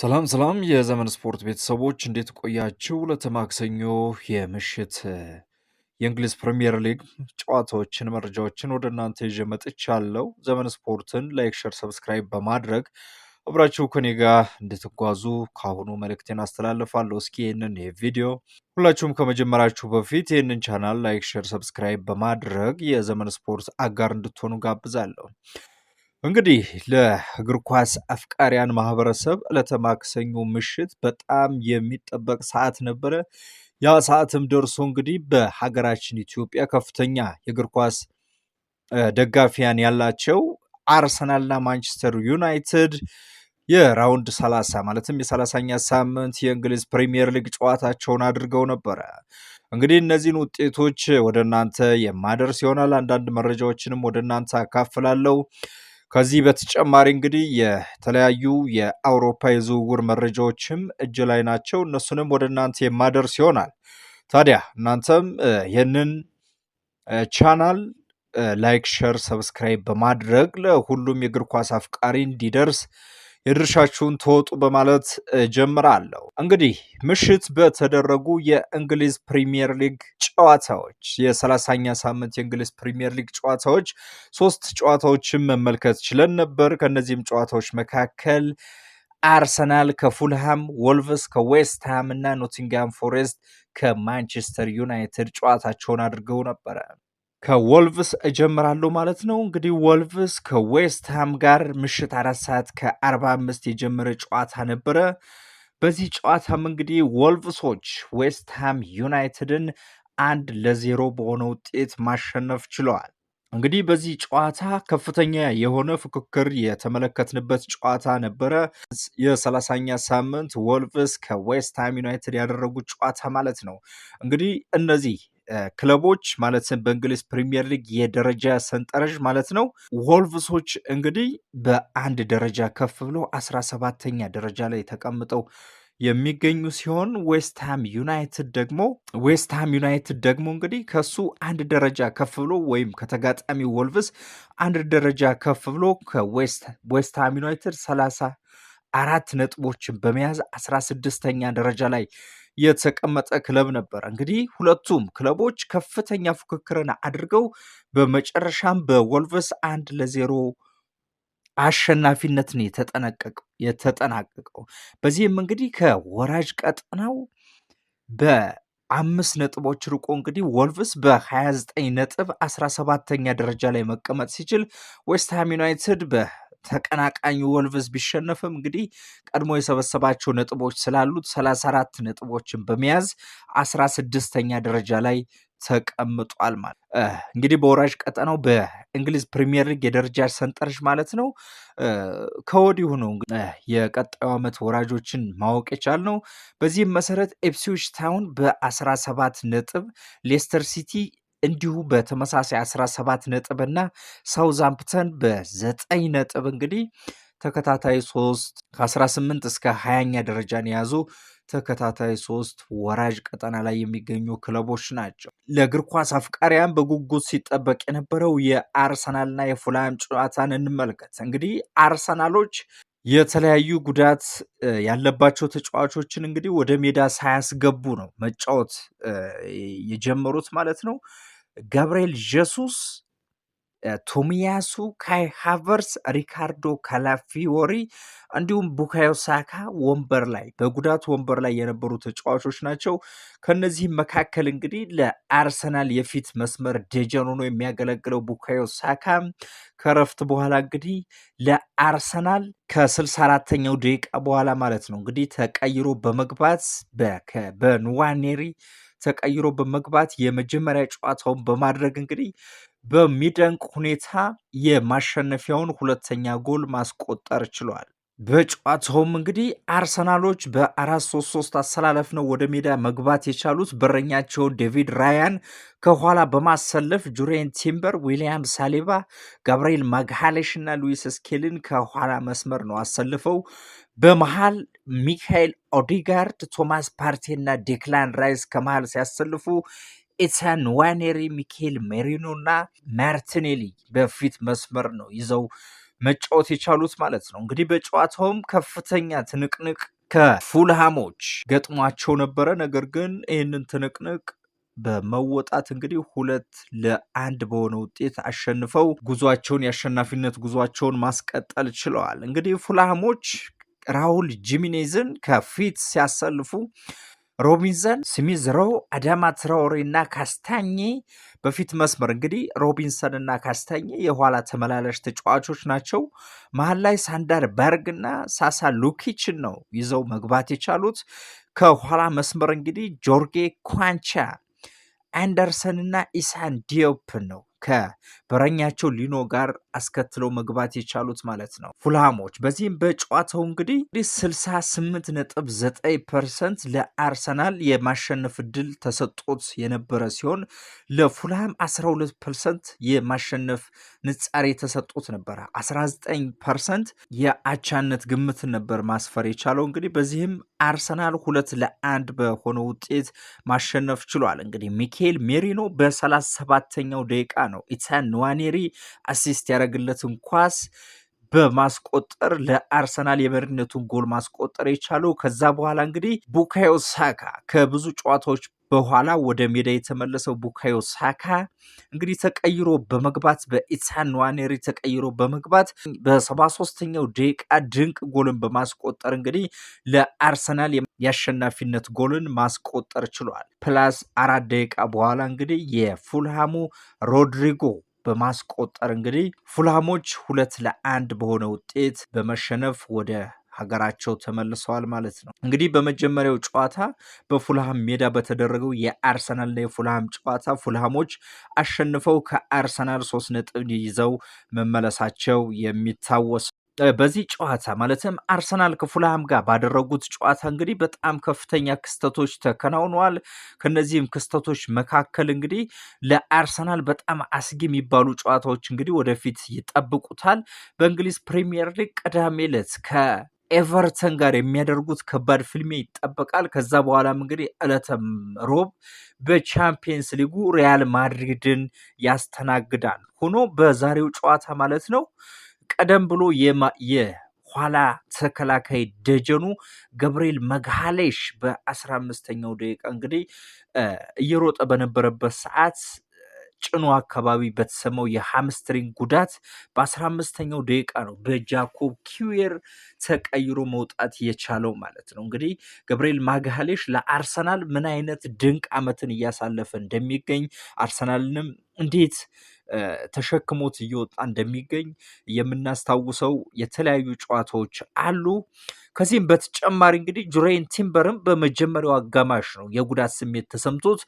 ሰላም ሰላም የዘመን ስፖርት ቤተሰቦች እንዴት ቆያችሁ? ለተማክሰኞ የምሽት የእንግሊዝ ፕሪምየር ሊግ ጨዋታዎችን መረጃዎችን ወደ እናንተ ይዤ መጥቻለሁ። ዘመን ስፖርትን ላይክ፣ ሸር፣ ሰብስክራይብ በማድረግ አብራችሁ ከኔ ጋር እንድትጓዙ ከአሁኑ መልእክቴን አስተላልፋለሁ። እስኪ ይህንን የቪዲዮ ሁላችሁም ከመጀመራችሁ በፊት ይህንን ቻናል ላይክ፣ ሸር፣ ሰብስክራይብ በማድረግ የዘመን ስፖርት አጋር እንድትሆኑ ጋብዛለሁ። እንግዲህ ለእግር ኳስ አፍቃሪያን ማህበረሰብ ዕለተ ማክሰኞ ምሽት በጣም የሚጠበቅ ሰዓት ነበረ። ያ ሰዓትም ደርሶ እንግዲህ በሀገራችን ኢትዮጵያ ከፍተኛ የእግር ኳስ ደጋፊያን ያላቸው አርሰናልና ማንቸስተር ዩናይትድ የራውንድ 30 ማለትም የ30ኛ ሳምንት የእንግሊዝ ፕሪሚየር ሊግ ጨዋታቸውን አድርገው ነበረ። እንግዲህ እነዚህን ውጤቶች ወደ እናንተ የማደርስ ይሆናል። አንዳንድ መረጃዎችንም ወደ እናንተ አካፍላለሁ። ከዚህ በተጨማሪ እንግዲህ የተለያዩ የአውሮፓ የዝውውር መረጃዎችም እጅ ላይ ናቸው። እነሱንም ወደ እናንተ የማደርስ ይሆናል። ታዲያ እናንተም ይህንን ቻናል ላይክ፣ ሸር፣ ሰብስክራይብ በማድረግ ለሁሉም የእግር ኳስ አፍቃሪ እንዲደርስ የድርሻችሁን ተወጡ በማለት ጀምራለሁ። እንግዲህ ምሽት በተደረጉ የእንግሊዝ ፕሪሚየር ሊግ ጨዋታዎች የሰላሳኛ ሳምንት የእንግሊዝ ፕሪሚየር ሊግ ጨዋታዎች ሶስት ጨዋታዎችን መመልከት ችለን ነበር። ከእነዚህም ጨዋታዎች መካከል አርሰናል ከፉልሃም፣ ወልቭስ ከዌስትሃም እና ኖቲንግሃም ፎሬስት ከማንቸስተር ዩናይትድ ጨዋታቸውን አድርገው ነበረ። ከወልቭስ እጀምራለሁ ማለት ነው። እንግዲህ ወልቭስ ከዌስትሃም ጋር ምሽት አራት ሰዓት ከአርባ አምስት የጀመረ ጨዋታ ነበረ። በዚህ ጨዋታም እንግዲህ ወልቭሶች ዌስትሃም ዩናይትድን አንድ ለዜሮ በሆነ ውጤት ማሸነፍ ችለዋል። እንግዲህ በዚህ ጨዋታ ከፍተኛ የሆነ ፉክክር የተመለከትንበት ጨዋታ ነበረ። የሰላሳኛ ሳምንት ወልቭስ ከዌስትሃም ዩናይትድ ያደረጉት ጨዋታ ማለት ነው። እንግዲህ እነዚህ ክለቦች ማለትም በእንግሊዝ ፕሪሚየር ሊግ የደረጃ ሰንጠረዥ ማለት ነው። ወልቭሶች እንግዲህ በአንድ ደረጃ ከፍ ብሎ አስራ ሰባተኛ ደረጃ ላይ ተቀምጠው የሚገኙ ሲሆን ዌስትሃም ዩናይትድ ደግሞ ዌስትሃም ዩናይትድ ደግሞ እንግዲህ ከሱ አንድ ደረጃ ከፍ ብሎ ወይም ከተጋጣሚ ወልቭስ አንድ ደረጃ ከፍ ብሎ ከዌስትሃም ዩናይትድ ሰላሳ አራት ነጥቦችን በመያዝ አስራ ስድስተኛ ደረጃ ላይ የተቀመጠ ክለብ ነበረ። እንግዲህ ሁለቱም ክለቦች ከፍተኛ ፉክክርን አድርገው በመጨረሻም በወልቨስ አንድ ለዜሮ አሸናፊነትን የተጠናቀቀው። በዚህም እንግዲህ ከወራጅ ቀጠናው በአምስት ነጥቦች ርቆ እንግዲህ ወልቭስ በ29 ነጥብ 17 ተኛ ደረጃ ላይ መቀመጥ ሲችል ዌስትሃም ዩናይትድ በ ተቀናቃኝ ወልቭዝ ቢሸነፍም እንግዲህ ቀድሞ የሰበሰባቸው ነጥቦች ስላሉት 34 ነጥቦችን በመያዝ 16ተኛ ደረጃ ላይ ተቀምጧል። ማለት እንግዲህ በወራጅ ቀጠናው በእንግሊዝ ፕሪሚየር ሊግ የደረጃ ሰንጠረዥ ማለት ነው። ከወዲሁ ነው የቀጣዩ ዓመት ወራጆችን ማወቅ የቻልነው። በዚህም መሰረት ኤፕስዊች ታውን በ17 ነጥብ ሌስተር ሲቲ እንዲሁ በተመሳሳይ 17 ነጥብና ሳውዛምፕተን በ9 ነጥብ እንግዲህ ተከታታይ 3 ከ18 እስከ 20ኛ ደረጃን የያዙ ተከታታይ ሶስት ወራጅ ቀጠና ላይ የሚገኙ ክለቦች ናቸው። ለእግር ኳስ አፍቃሪያን በጉጉት ሲጠበቅ የነበረው የአርሰናልና የፉላም ጨዋታን እንመልከት። እንግዲህ አርሰናሎች የተለያዩ ጉዳት ያለባቸው ተጫዋቾችን እንግዲህ ወደ ሜዳ ሳያስገቡ ነው መጫወት የጀመሩት ማለት ነው። ገብርኤል ጀሱስ ቶሚያሱ፣ ካይ ሃቨርስ፣ ሪካርዶ ካላፊዮሪ እንዲሁም ቡካዮ ሳካ ወንበር ላይ በጉዳት ወንበር ላይ የነበሩ ተጫዋቾች ናቸው። ከነዚህም መካከል እንግዲህ ለአርሰናል የፊት መስመር ደጀን ሆኖ የሚያገለግለው ቡካዮ ሳካ ከረፍት በኋላ እንግዲህ ለአርሰናል ከስልሳ አራተኛው ደቂቃ በኋላ ማለት ነው እንግዲህ ተቀይሮ በመግባት በኑዋኔሪ ተቀይሮ በመግባት የመጀመሪያ ጨዋታውን በማድረግ እንግዲህ በሚደንቅ ሁኔታ የማሸነፊያውን ሁለተኛ ጎል ማስቆጠር ችሏል። በጨዋታውም እንግዲህ አርሰናሎች በ ሶስት ሶስት አሰላለፍ ነው ወደ ሜዳ መግባት የቻሉት። በረኛቸውን ዴቪድ ራያን ከኋላ በማሰለፍ ጁሬን ቲምበር፣ ዊሊያም ሳሌባ፣ ጋብርኤል ማግሃሌሽ እና ሉዊስ ስኬልን ከኋላ መስመር ነው አሰልፈው በመሃል ሚካኤል ኦዲጋርድ፣ ቶማስ ፓርቴ እና ዴክላን ራይስ ከመሃል ሲያሰልፉ ኢታን ዋኔሪ፣ ሚኬል ሜሪኖ እና ማርቲኔሊ በፊት መስመር ነው ይዘው መጫወት የቻሉት ማለት ነው። እንግዲህ በጨዋታውም ከፍተኛ ትንቅንቅ ከፉልሃሞች ገጥሟቸው ነበረ። ነገር ግን ይህንን ትንቅንቅ በመወጣት እንግዲህ ሁለት ለአንድ በሆነ ውጤት አሸንፈው ጉዟቸውን የአሸናፊነት ጉዟቸውን ማስቀጠል ችለዋል። እንግዲህ ፉልሃሞች ራውል ጂሚኔዝን ከፊት ሲያሰልፉ ሮቢንሰን፣ ስሚዝሮ፣ አዳማ ትራኦሬ እና ካስታኝ በፊት መስመር እንግዲህ ሮቢንሰን እና ካስታኝ የኋላ ተመላላሽ ተጫዋቾች ናቸው። መሀል ላይ ሳንዳር በርግ እና ሳሳ ሉኪችን ነው ይዘው መግባት የቻሉት። ከኋላ መስመር እንግዲህ ጆርጌ ኳንቻ፣ አንደርሰን እና ኢሳን ዲዮፕን ነው ከበረኛቸው ሊኖ ጋር አስከትለው መግባት የቻሉት ማለት ነው ፉልሃሞች። በዚህም በጨዋታው እንግዲህ 68.9 ፐርሰንት ለአርሰናል የማሸነፍ እድል ተሰጥቶት የነበረ ሲሆን ለፉልሃም 12 ፐርሰንት የማሸነፍ ንጻሪ የተሰጡት ነበረ። 19 ፐርሰንት የአቻነት ግምትን ነበር ማስፈር የቻለው። እንግዲህ በዚህም አርሰናል ሁለት ለአንድ በሆነ ውጤት ማሸነፍ ችሏል። እንግዲህ ሚካኤል ሜሪኖ በ37ኛው ደቂቃ ነው ኢታን ንዋኔሪ አሲስት ያደረግለትን ኳስ በማስቆጠር ለአርሰናል የመሪነቱን ጎል ማስቆጠር የቻለው። ከዛ በኋላ እንግዲህ ቡካዮ ሳካ ከብዙ ጨዋታዎች በኋላ ወደ ሜዳ የተመለሰው ቡካዮ ሳካ እንግዲህ ተቀይሮ በመግባት በኢሳን ንዋኔሪ ተቀይሮ በመግባት በሰባ ሶስተኛው ደቂቃ ድንቅ ጎልን በማስቆጠር እንግዲህ ለአርሰናል የአሸናፊነት ጎልን ማስቆጠር ችሏል። ፕላስ አራት ደቂቃ በኋላ እንግዲህ የፉልሃሙ ሮድሪጎ በማስቆጠር እንግዲህ ፉልሃሞች ሁለት ለአንድ በሆነ ውጤት በመሸነፍ ወደ ሀገራቸው ተመልሰዋል ማለት ነው። እንግዲህ በመጀመሪያው ጨዋታ በፉልሃም ሜዳ በተደረገው የአርሰናልና የፉልሃም ጨዋታ ፉልሃሞች አሸንፈው ከአርሰናል ሶስት ነጥብ ይዘው መመለሳቸው የሚታወስ በዚህ ጨዋታ ማለትም አርሰናል ከፉልሃም ጋር ባደረጉት ጨዋታ እንግዲህ በጣም ከፍተኛ ክስተቶች ተከናውነዋል። ከነዚህም ክስተቶች መካከል እንግዲህ ለአርሰናል በጣም አስጊ የሚባሉ ጨዋታዎች እንግዲህ ወደፊት ይጠብቁታል። በእንግሊዝ ፕሪሚየር ሊግ ቅዳሜ ዕለት ኤቨርተን ጋር የሚያደርጉት ከባድ ፍልሚያ ይጠበቃል። ከዛ በኋላም እንግዲህ ዕለተ ሮብ በቻምፒየንስ ሊጉ ሪያል ማድሪድን ያስተናግዳል። ሆኖ በዛሬው ጨዋታ ማለት ነው ቀደም ብሎ የኋላ ተከላካይ ደጀኑ ገብርኤል መግሃሌሽ በአስራ አምስተኛው ደቂቃ እንግዲህ እየሮጠ በነበረበት ሰዓት ጭኑ አካባቢ በተሰማው የሃምስትሪንግ ጉዳት በ15ኛው ደቂቃ ነው በጃኮብ ኪዌር ተቀይሮ መውጣት የቻለው ማለት ነው። እንግዲህ ገብርኤል ማግሃሌሽ ለአርሰናል ምን አይነት ድንቅ ዓመትን እያሳለፈ እንደሚገኝ አርሰናልንም እንዴት ተሸክሞት እየወጣ እንደሚገኝ የምናስታውሰው የተለያዩ ጨዋታዎች አሉ። ከዚህም በተጨማሪ እንግዲህ ጁሬን ቲምበርም በመጀመሪያው አጋማሽ ነው የጉዳት ስሜት ተሰምቶት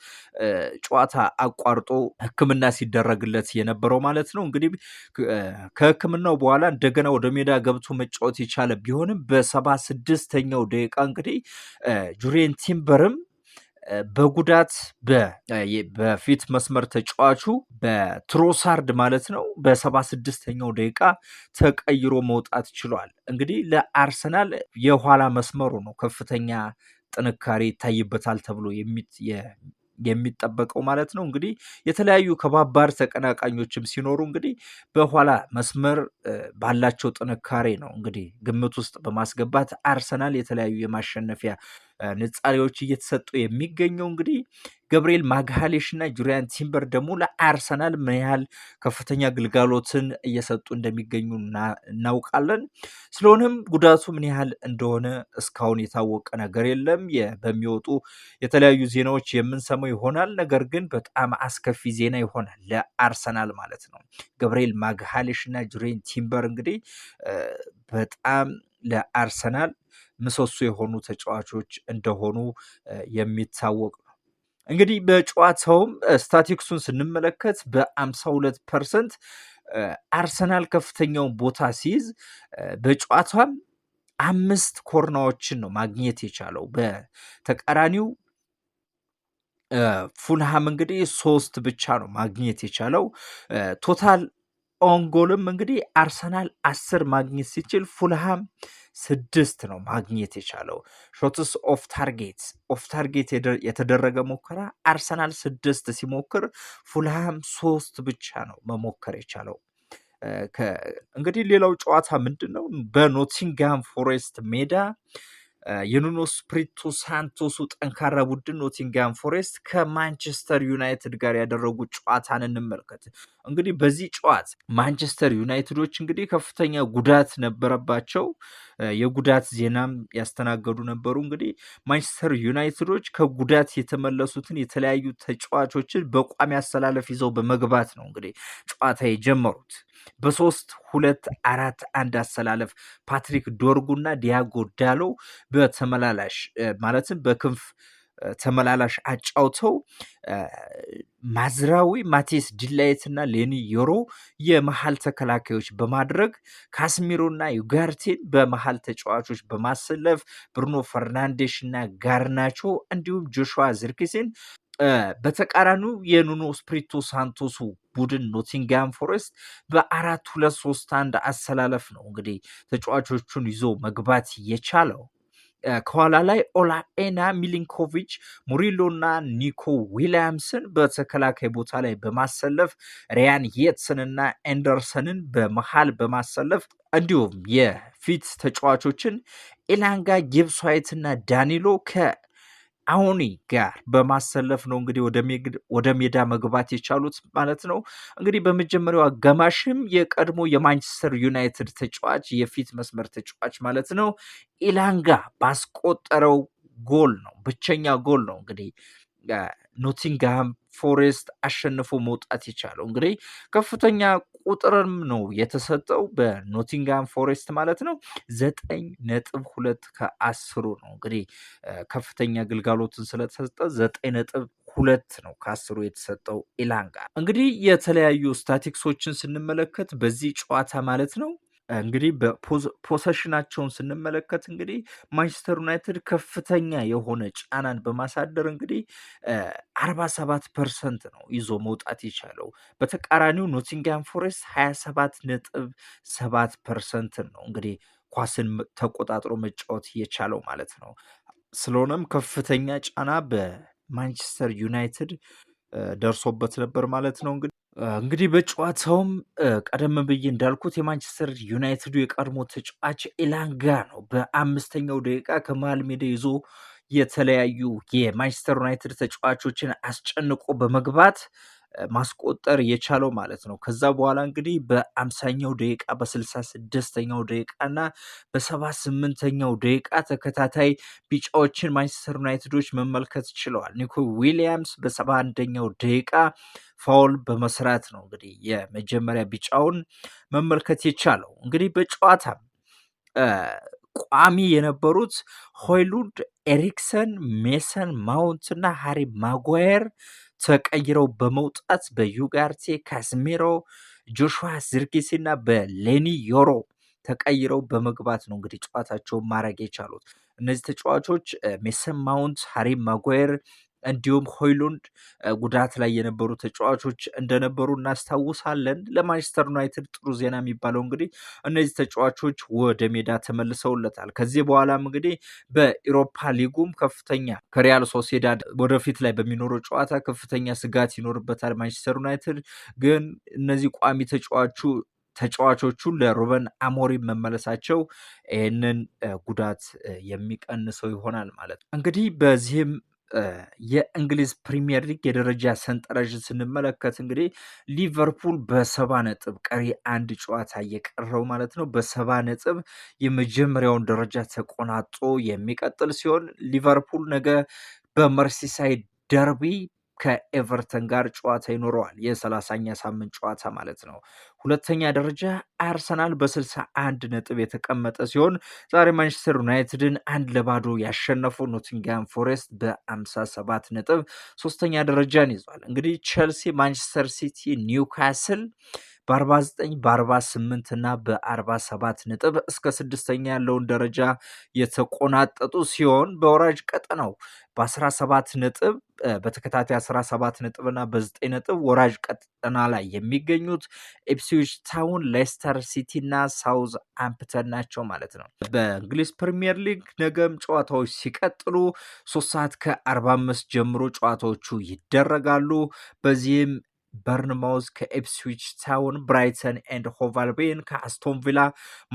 ጨዋታ አቋርጦ ሕክምና ሲደረግለት የነበረው ማለት ነው። እንግዲህ ከሕክምናው በኋላ እንደገና ወደ ሜዳ ገብቶ መጫወት የቻለ ቢሆንም በሰባ ስድስተኛው ደቂቃ እንግዲህ ጁሬን ቲምበርም በጉዳት በፊት መስመር ተጫዋቹ በትሮሳርድ ማለት ነው በሰባ ስድስተኛው ደቂቃ ተቀይሮ መውጣት ችሏል። እንግዲህ ለአርሰናል የኋላ መስመሩ ነው ከፍተኛ ጥንካሬ ይታይበታል ተብሎ የሚጠበቀው ማለት ነው። እንግዲህ የተለያዩ ከባባር ተቀናቃኞችም ሲኖሩ እንግዲህ በኋላ መስመር ባላቸው ጥንካሬ ነው እንግዲህ ግምት ውስጥ በማስገባት አርሰናል የተለያዩ የማሸነፊያ ንጻሪዎች እየተሰጡ የሚገኘው እንግዲህ ገብርኤል ማግሃሌሽ እና ጁሪያን ቲምበር ደግሞ ለአርሰናል ምን ያህል ከፍተኛ ግልጋሎትን እየሰጡ እንደሚገኙ እናውቃለን። ስለሆነም ጉዳቱ ምን ያህል እንደሆነ እስካሁን የታወቀ ነገር የለም። በሚወጡ የተለያዩ ዜናዎች የምንሰማው ይሆናል። ነገር ግን በጣም አስከፊ ዜና ይሆናል ለአርሰናል ማለት ነው። ገብርኤል ማግሃሌሽ እና ጁሪያን ቲምበር እንግዲህ በጣም ለአርሰናል ምሰሶ የሆኑ ተጫዋቾች እንደሆኑ የሚታወቅ ነው። እንግዲህ በጨዋታውም ስታቲክሱን ስንመለከት በ52 ፐርሰንት አርሰናል ከፍተኛውን ቦታ ሲይዝ በጨዋታም አምስት ኮርናዎችን ነው ማግኘት የቻለው። በተቃራኒው ፉልሃም እንግዲህ ሶስት ብቻ ነው ማግኘት የቻለው። ቶታል ኦንጎልም እንግዲህ አርሰናል አስር ማግኘት ሲችል ፉልሃም ስድስት ነው ማግኘት የቻለው። ሾትስ ኦፍ ታርጌት ኦፍ ታርጌት የተደረገ ሙከራ አርሰናል ስድስት ሲሞክር ፉልሃም ሶስት ብቻ ነው መሞከር የቻለው። እንግዲህ ሌላው ጨዋታ ምንድን ነው? በኖቲንግሃም ፎሬስት ሜዳ የኑኖ ስፕሪቶ ሳንቶሱ ጠንካራ ቡድን ኖቲንጋም ፎሬስት ከማንቸስተር ዩናይትድ ጋር ያደረጉ ጨዋታን እንመልከት። እንግዲህ በዚህ ጨዋታ ማንቸስተር ዩናይትዶች እንግዲህ ከፍተኛ ጉዳት ነበረባቸው። የጉዳት ዜናም ያስተናገዱ ነበሩ። እንግዲህ ማንቸስተር ዩናይትዶች ከጉዳት የተመለሱትን የተለያዩ ተጫዋቾችን በቋሚ አሰላለፍ ይዘው በመግባት ነው እንግዲህ ጨዋታ የጀመሩት በሶስት ሁለት አራት አንድ አሰላለፍ ፓትሪክ ዶርጉና ዲያጎ ዳሎ በተመላላሽ ማለትም በክንፍ ተመላላሽ አጫውተው ማዝራዊ ማቴስ ዲላየትና ሌኒ ዮሮ የመሀል ተከላካዮች በማድረግ ካስሚሮና ዩጋርቴን በመሀል ተጫዋቾች በማሰለፍ ብሩኖ ፈርናንዴሽ እና ጋርናቾ እንዲሁም ጆሹዋ ዝርክሴን በተቃራኒው የኑኖ ስፕሪቶ ሳንቶሱ ቡድን ኖቲንግሃም ፎረስት በአራት ሁለት ሶስት አንድ አሰላለፍ ነው እንግዲህ ተጫዋቾቹን ይዞ መግባት የቻለው። ከኋላ ላይ ኦላኤና ሚሊንኮቪች፣ ሙሪሎና ኒኮ ዊሊያምስን በተከላካይ ቦታ ላይ በማሰለፍ ሪያን የትስንና ኤንደርሰንን በመሃል በማሰለፍ እንዲሁም የፊት ተጫዋቾችን ኢላንጋ ጊብስ ዋይትና ዳኒሎ አሁኒ ጋር በማሰለፍ ነው እንግዲህ ወደ ሜዳ መግባት የቻሉት ማለት ነው። እንግዲህ በመጀመሪያው አጋማሽም የቀድሞ የማንቸስተር ዩናይትድ ተጫዋች የፊት መስመር ተጫዋች ማለት ነው ኢላንጋ ባስቆጠረው ጎል ነው ብቸኛ ጎል ነው እንግዲህ ኖቲንግሃም ፎሬስት አሸንፎ መውጣት የቻለው እንግዲህ ከፍተኛ ቁጥርም ነው የተሰጠው በኖቲንጋም ፎሬስት ማለት ነው። ዘጠኝ ነጥብ ሁለት ከአስሩ ነው እንግዲህ ከፍተኛ ግልጋሎትን ስለተሰጠ ዘጠኝ ነጥብ ሁለት ነው ከአስሩ የተሰጠው ኢላንጋ። እንግዲህ የተለያዩ ስታቲክሶችን ስንመለከት በዚህ ጨዋታ ማለት ነው እንግዲህ በፖሰሽናቸውን ስንመለከት እንግዲህ ማንቸስተር ዩናይትድ ከፍተኛ የሆነ ጫናን በማሳደር እንግዲህ አርባ ሰባት ፐርሰንት ነው ይዞ መውጣት የቻለው። በተቃራኒው ኖቲንግሃም ፎሬስት ሀያ ሰባት ነጥብ ሰባት ፐርሰንትን ነው እንግዲህ ኳስን ተቆጣጥሮ መጫወት የቻለው ማለት ነው። ስለሆነም ከፍተኛ ጫና በማንቸስተር ዩናይትድ ደርሶበት ነበር ማለት ነው እንግዲህ እንግዲህ በጨዋታውም ቀደም ብዬ እንዳልኩት የማንቸስተር ዩናይትዱ የቀድሞ ተጫዋች ኤላንጋ ነው በአምስተኛው ደቂቃ ከመሃል ሜዳ ይዞ የተለያዩ የማንቸስተር ዩናይትድ ተጫዋቾችን አስጨንቆ በመግባት ማስቆጠር የቻለው ማለት ነው። ከዛ በኋላ እንግዲህ በአምሳኛው ደቂቃ በስልሳ ስድስተኛው ደቂቃ እና በሰባ ስምንተኛው ደቂቃ ተከታታይ ቢጫዎችን ማንቸስተር ዩናይትዶች መመልከት ችለዋል። ኒኮ ዊሊያምስ በሰባ አንደኛው ደቂቃ ፋውል በመስራት ነው እንግዲህ የመጀመሪያ ቢጫውን መመልከት የቻለው እንግዲህ በጨዋታ ቋሚ የነበሩት ሆይሉድ ኤሪክሰን፣ ሜሰን ማውንት እና ሃሪ ማጓየር ተቀይረው በመውጣት በዩጋርቴ ካስሜሮ፣ ጆሹዋ ዝርጊሲ እና በሌኒ ዮሮ ተቀይረው በመግባት ነው እንግዲህ ጨዋታቸውን ማድረግ የቻሉት። እነዚህ ተጫዋቾች ሜሰን ማውንት፣ ሃሪ ማጓየር እንዲሁም ሆይሉንድ ጉዳት ላይ የነበሩ ተጫዋቾች እንደነበሩ እናስታውሳለን። ለማንቸስተር ዩናይትድ ጥሩ ዜና የሚባለው እንግዲህ እነዚህ ተጫዋቾች ወደ ሜዳ ተመልሰውለታል። ከዚህ በኋላም እንግዲህ በኢሮፓ ሊጉም ከፍተኛ ከሪያል ሶሴዳድ ወደፊት ላይ በሚኖረው ጨዋታ ከፍተኛ ስጋት ይኖርበታል ማንቸስተር ዩናይትድ ግን እነዚህ ቋሚ ተጫዋቹ ተጫዋቾቹ ለሩበን አሞሪ መመለሳቸው ይህንን ጉዳት የሚቀንሰው ይሆናል ማለት ነው። እንግዲህ በዚህም የእንግሊዝ ፕሪሚየር ሊግ የደረጃ ሰንጠረዥ ስንመለከት እንግዲህ ሊቨርፑል በሰባ ነጥብ ቀሪ አንድ ጨዋታ እየቀረው ማለት ነው። በሰባ ነጥብ የመጀመሪያውን ደረጃ ተቆናጦ የሚቀጥል ሲሆን ሊቨርፑል ነገ በመርሲሳይድ ደርቢ ከኤቨርተን ጋር ጨዋታ ይኖረዋል። የሰላሳኛ ሳምንት ጨዋታ ማለት ነው። ሁለተኛ ደረጃ አርሰናል በ61 ነጥብ የተቀመጠ ሲሆን ዛሬ ማንቸስተር ዩናይትድን አንድ ለባዶ ያሸነፈው ኖቲንግሃም ፎሬስት በ57 ነጥብ ሶስተኛ ደረጃን ይዟል። እንግዲህ ቸልሲ፣ ማንቸስተር ሲቲ፣ ኒውካስል በ49 በ48 እና በ47 ነጥብ እስከ ስድስተኛ ያለውን ደረጃ የተቆናጠጡ ሲሆን በወራጅ ቀጠናው በ17 ነጥብ በተከታታይ 17 ነጥብ እና በ9 ነጥብ ወራጅ ቀጠና ላይ የሚገኙት ኢፕስዊች ታውን፣ ሌስተር ሲቲ እና ሳውዝ አምፕተን ናቸው ማለት ነው። በእንግሊዝ ፕሪሚየር ሊግ ነገም ጨዋታዎች ሲቀጥሉ ሶስት ሰዓት ከ45 ጀምሮ ጨዋታዎቹ ይደረጋሉ። በዚህም በርንማውዝ ከኤፕስዊች ታውን፣ ብራይተን ኤንድ ሆቫልቤን ከአስቶን ቪላ፣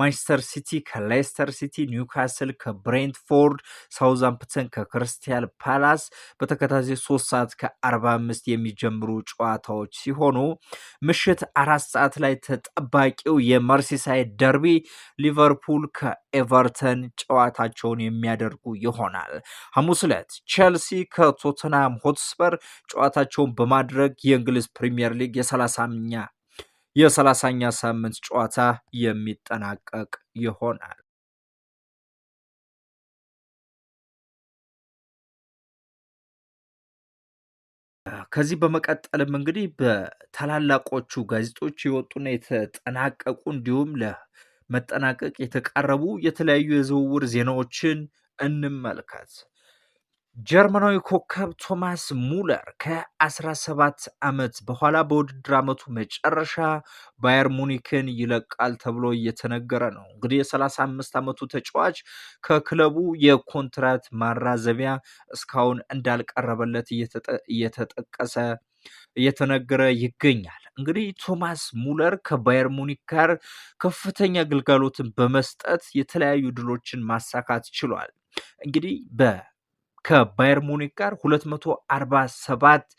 ማንቸስተር ሲቲ ከሌስተር ሲቲ፣ ኒውካስል ከብሬንትፎርድ፣ ሳውዛምፕተን ከክርስቲያል ፓላስ በተከታታይ ሶስት ሰዓት ከአርባ አምስት የሚጀምሩ ጨዋታዎች ሲሆኑ ምሽት አራት ሰዓት ላይ ተጠባቂው የመርሲሳይድ ደርቢ ሊቨርፑል ከኤቨርተን ጨዋታቸውን የሚያደርጉ ይሆናል። ሐሙስ ዕለት ቼልሲ ከቶተናም ሆትስፐር ጨዋታቸውን በማድረግ የእንግሊዝ ፕሪ ፕሪምየር ሊግ የሰላሳኛ የሰላሳኛ ሳምንት ጨዋታ የሚጠናቀቅ ይሆናል። ከዚህ በመቀጠልም እንግዲህ በታላላቆቹ ጋዜጦች የወጡና የተጠናቀቁ እንዲሁም ለመጠናቀቅ የተቃረቡ የተለያዩ የዝውውር ዜናዎችን እንመልከት። ጀርመናዊ ኮከብ ቶማስ ሙለር ከ17 ዓመት በኋላ በውድድር ዓመቱ መጨረሻ ባየር ሙኒክን ይለቃል ተብሎ እየተነገረ ነው። እንግዲህ የ35 ዓመቱ ተጫዋች ከክለቡ የኮንትራት ማራዘቢያ እስካሁን እንዳልቀረበለት እየተጠቀሰ እየተነገረ ይገኛል። እንግዲህ ቶማስ ሙለር ከባየር ሙኒክ ጋር ከፍተኛ ግልጋሎትን በመስጠት የተለያዩ ድሎችን ማሳካት ችሏል። እንግዲህ በ ከባየር ሙኒክ ጋር 247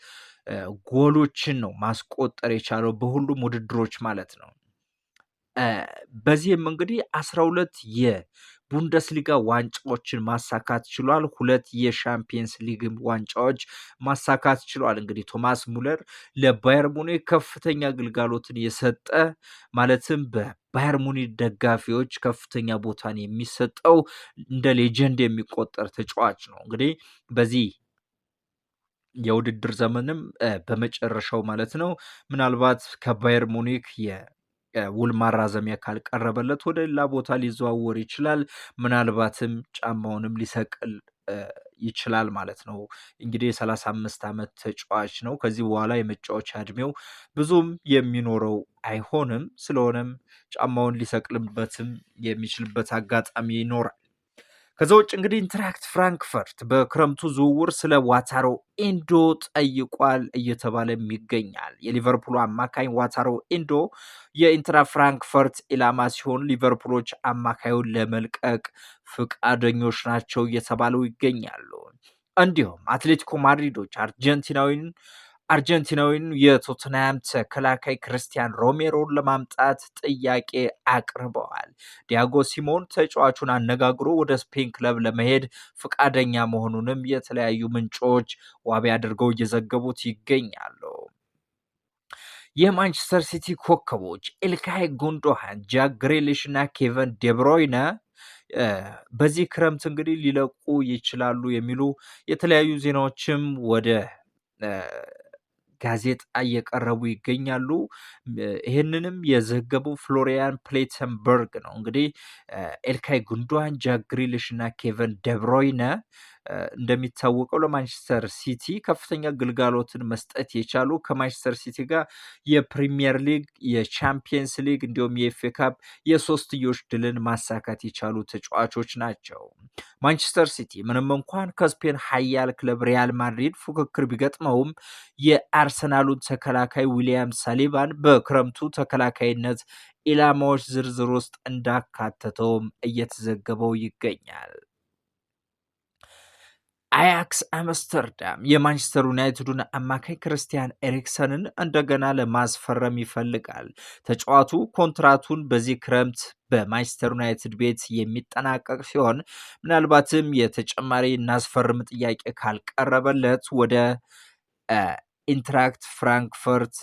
ጎሎችን ነው ማስቆጠር የቻለው በሁሉም ውድድሮች ማለት ነው። በዚህም እንግዲህ 12 የ ቡንደስሊጋ ዋንጫዎችን ማሳካት ችሏል። ሁለት የሻምፒየንስ ሊግ ዋንጫዎች ማሳካት ችሏል። እንግዲህ ቶማስ ሙለር ለባየር ሙኒክ ከፍተኛ ግልጋሎትን የሰጠ ማለትም በባየር ሙኒክ ደጋፊዎች ከፍተኛ ቦታን የሚሰጠው እንደ ሌጀንድ የሚቆጠር ተጫዋች ነው። እንግዲህ በዚህ የውድድር ዘመንም በመጨረሻው ማለት ነው ምናልባት ከባየር ሙኒክ ውል ማራዘሚያ ካልቀረበለት ወደ ሌላ ቦታ ሊዘዋወር ይችላል። ምናልባትም ጫማውንም ሊሰቅል ይችላል ማለት ነው። እንግዲህ የሰላሳ አምስት ዓመት ተጫዋች ነው። ከዚህ በኋላ የመጫወቻ እድሜው ብዙም የሚኖረው አይሆንም። ስለሆነም ጫማውን ሊሰቅልበትም የሚችልበት አጋጣሚ ይኖራል። ከዛ ውጭ እንግዲህ ኢንትራክት ፍራንክፈርት በክረምቱ ዝውውር ስለ ዋታሮ ኢንዶ ጠይቋል እየተባለም ይገኛል። የሊቨርፑሉ አማካኝ ዋታሮ ኢንዶ የኢንትራ ፍራንክፈርት ኢላማ ሲሆን ሊቨርፑሎች አማካዩን ለመልቀቅ ፍቃደኞች ናቸው እየተባለው ይገኛሉ። እንዲሁም አትሌቲኮ ማድሪዶች አርጀንቲናዊን አርጀንቲናዊን የቶትናም ተከላካይ ክርስቲያን ሮሜሮን ለማምጣት ጥያቄ አቅርበዋል። ዲያጎ ሲሞን ተጫዋቹን አነጋግሮ ወደ ስፔን ክለብ ለመሄድ ፈቃደኛ መሆኑንም የተለያዩ ምንጮች ዋቢ አድርገው እየዘገቡት ይገኛሉ። የማንቸስተር ሲቲ ኮከቦች ኤልካይ ጉንዶሃን፣ ጃክ ግሬሊሽ እና ኬቨን ዴብሮይነ በዚህ ክረምት እንግዲህ ሊለቁ ይችላሉ የሚሉ የተለያዩ ዜናዎችም ወደ ጋዜጣ እየቀረቡ ይገኛሉ። ይህንንም የዘገቡ ፍሎሪያን ፕሌተንበርግ ነው። እንግዲህ ኤልካይ ጉንዷን፣ ጃክ ግሪሊሽ እና ኬቨን ደብሮይነ እንደሚታወቀው ለማንቸስተር ሲቲ ከፍተኛ ግልጋሎትን መስጠት የቻሉ ከማንቸስተር ሲቲ ጋር የፕሪሚየር ሊግ፣ የቻምፒየንስ ሊግ እንዲሁም የኤፍኤ ካፕ የሶስትዮሽ ድልን ማሳካት የቻሉ ተጫዋቾች ናቸው። ማንቸስተር ሲቲ ምንም እንኳን ከስፔን ኃያል ክለብ ሪያል ማድሪድ ፉክክር ቢገጥመውም የአርሰናሉን ተከላካይ ዊሊያም ሳሊባን በክረምቱ ተከላካይነት ኢላማዎች ዝርዝር ውስጥ እንዳካተተውም እየተዘገበው ይገኛል። አያክስ አምስተርዳም የማንቸስተር ዩናይትዱን አማካይ ክርስቲያን ኤሪክሰንን እንደገና ለማስፈረም ይፈልጋል። ተጫዋቱ ኮንትራቱን በዚህ ክረምት በማንቸስተር ዩናይትድ ቤት የሚጠናቀቅ ሲሆን ምናልባትም የተጨማሪ እናስፈርም ጥያቄ ካልቀረበለት ወደ ኢንትራክት ፍራንክፈርት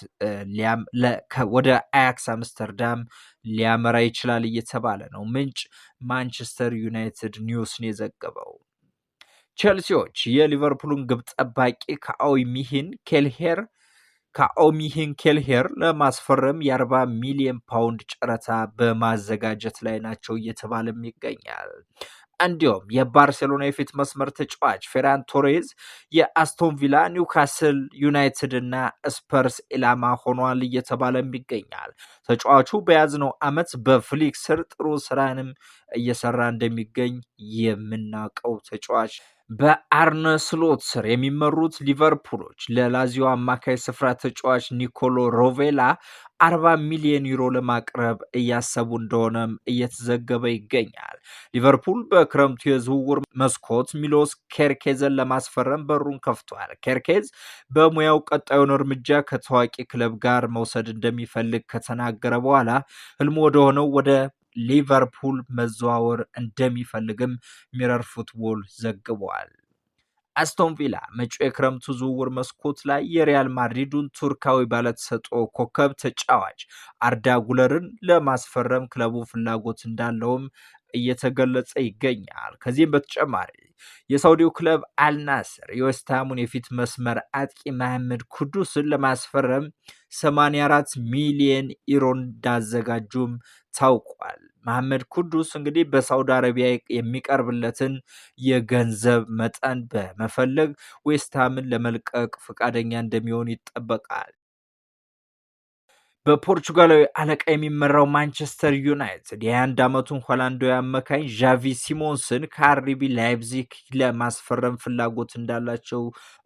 ወደ አያክስ አምስተርዳም ሊያመራ ይችላል እየተባለ ነው። ምንጭ ማንቸስተር ዩናይትድ ኒውስን የዘገበው። ቸልሲዎች የሊቨርፑልን ግብ ጠባቂ ከአውሚሂን ኬልሄር ከኦሚሂን ኬልሄር ለማስፈረም የ40 ሚሊዮን ፓውንድ ጨረታ በማዘጋጀት ላይ ናቸው እየተባለም ይገኛል። እንዲሁም የባርሴሎና የፊት መስመር ተጫዋች ፌራን ቶሬዝ የአስቶን ቪላ፣ ኒውካስል ዩናይትድ እና ስፐርስ ኢላማ ሆኗል እየተባለም ይገኛል። ተጫዋቹ በያዝነው ዓመት በፍሊክ ስር ጥሩ ስራንም እየሰራ እንደሚገኝ የምናውቀው ተጫዋች በአርነ ስሎት ስር የሚመሩት ሊቨርፑሎች ለላዚዮ አማካይ ስፍራ ተጫዋች ኒኮሎ ሮቬላ አርባ ሚሊዮን ዩሮ ለማቅረብ እያሰቡ እንደሆነም እየተዘገበ ይገኛል። ሊቨርፑል በክረምቱ የዝውውር መስኮት ሚሎስ ኬርኬዝን ለማስፈረም በሩን ከፍቷል። ኬርኬዝ በሙያው ቀጣዩን እርምጃ ከታዋቂ ክለብ ጋር መውሰድ እንደሚፈልግ ከተናገረ በኋላ ህልሙ ወደሆነው ወደ ሊቨርፑል መዘዋወር እንደሚፈልግም ሚረር ፉትቦል ዘግቧል። አስቶን ቪላ መጪው የክረምቱ ዝውውር መስኮት ላይ የሪያል ማድሪዱን ቱርካዊ ባለተሰጥኦ ኮከብ ተጫዋች አርዳ ጉለርን ለማስፈረም ክለቡ ፍላጎት እንዳለውም እየተገለጸ ይገኛል። ከዚህም በተጨማሪ የሳውዲው ክለብ አልናስር የዌስትሃሙን የፊት መስመር አጥቂ መሐመድ ኩዱስን ለማስፈረም 84 ሚሊየን ኢሮ እንዳዘጋጁም ታውቋል። መሐመድ ኩዱስ እንግዲህ በሳውዲ አረቢያ የሚቀርብለትን የገንዘብ መጠን በመፈለግ ዌስትሃምን ለመልቀቅ ፈቃደኛ እንደሚሆን ይጠበቃል። በፖርቹጋላዊ አለቃ የሚመራው ማንቸስተር ዩናይትድ የ21 ዓመቱን ሆላንዳዊ አማካኝ ዣቪ ሲሞንስን ከአርቢ ላይፕዚግ ለማስፈረም ፍላጎት እንዳላቸው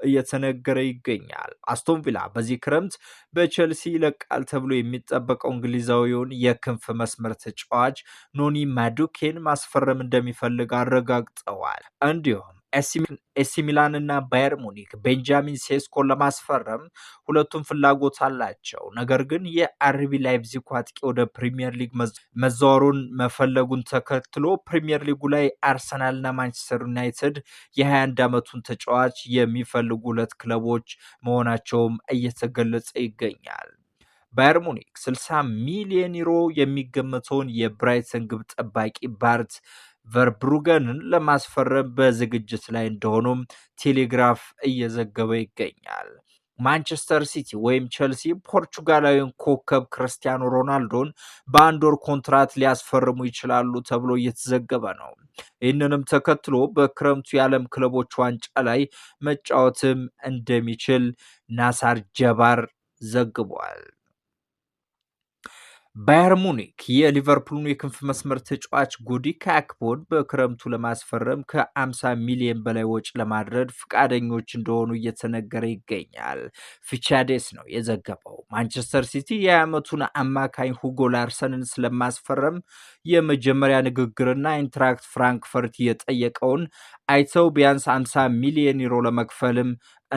እየተነገረ ይገኛል። አስቶን ቪላ በዚህ ክረምት በቼልሲ ይለቃል ተብሎ የሚጠበቀው እንግሊዛዊውን የክንፍ መስመር ተጫዋች ኖኒ ማዱኬን ማስፈረም እንደሚፈልግ አረጋግጠዋል። እንዲሁም ኤሲ ሚላን እና ባየር ሙኒክ ቤንጃሚን ሴስኮን ለማስፈረም ሁለቱም ፍላጎት አላቸው። ነገር ግን የአርቢ ላይፕዚግ አጥቂ ወደ ፕሪሚየር ሊግ መዛወሩን መፈለጉን ተከትሎ ፕሪሚየር ሊጉ ላይ አርሰናል እና ማንቸስተር ዩናይትድ የ21 ዓመቱን ተጫዋች የሚፈልጉ ሁለት ክለቦች መሆናቸውም እየተገለጸ ይገኛል። ባየር ሙኒክ 60 ሚሊዮን ዩሮ የሚገመተውን የብራይተን ግብ ጠባቂ ባርት ቨርብሩገንን ለማስፈረም በዝግጅት ላይ እንደሆኑም ቴሌግራፍ እየዘገበ ይገኛል። ማንቸስተር ሲቲ ወይም ቸልሲ ፖርቹጋላዊን ኮከብ ክርስቲያኖ ሮናልዶን በአንድ ወር ኮንትራት ሊያስፈርሙ ይችላሉ ተብሎ እየተዘገበ ነው። ይህንንም ተከትሎ በክረምቱ የዓለም ክለቦች ዋንጫ ላይ መጫወትም እንደሚችል ናሳር ጀባር ዘግቧል። ባየር ሙኒክ የሊቨርፑልን የክንፍ መስመር ተጫዋች ጉዲ ካክፖን በክረምቱ ለማስፈረም ከ50 ሚሊዮን በላይ ወጪ ለማድረግ ፈቃደኞች እንደሆኑ እየተነገረ ይገኛል። ፊቻዴስ ነው የዘገበው። ማንቸስተር ሲቲ የዓመቱን አማካኝ ሁጎ ላርሰንን ስለማስፈረም የመጀመሪያ ንግግርና ኢንትራክት ፍራንክፈርት የጠየቀውን አይተው ቢያንስ 50 ሚሊዮን ዩሮ ለመክፈልም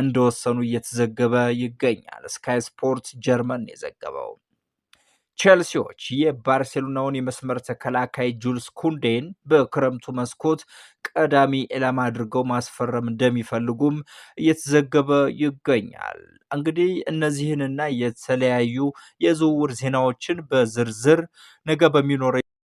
እንደወሰኑ እየተዘገበ ይገኛል። ስካይ ስፖርት ጀርመን የዘገበው ቼልሲዎች የባርሴሎናውን የመስመር ተከላካይ ጁልስ ኩንዴን በክረምቱ መስኮት ቀዳሚ ዕላማ አድርገው ማስፈረም እንደሚፈልጉም እየተዘገበ ይገኛል። እንግዲህ እነዚህንና የተለያዩ የዝውውር ዜናዎችን በዝርዝር ነገ በሚኖረ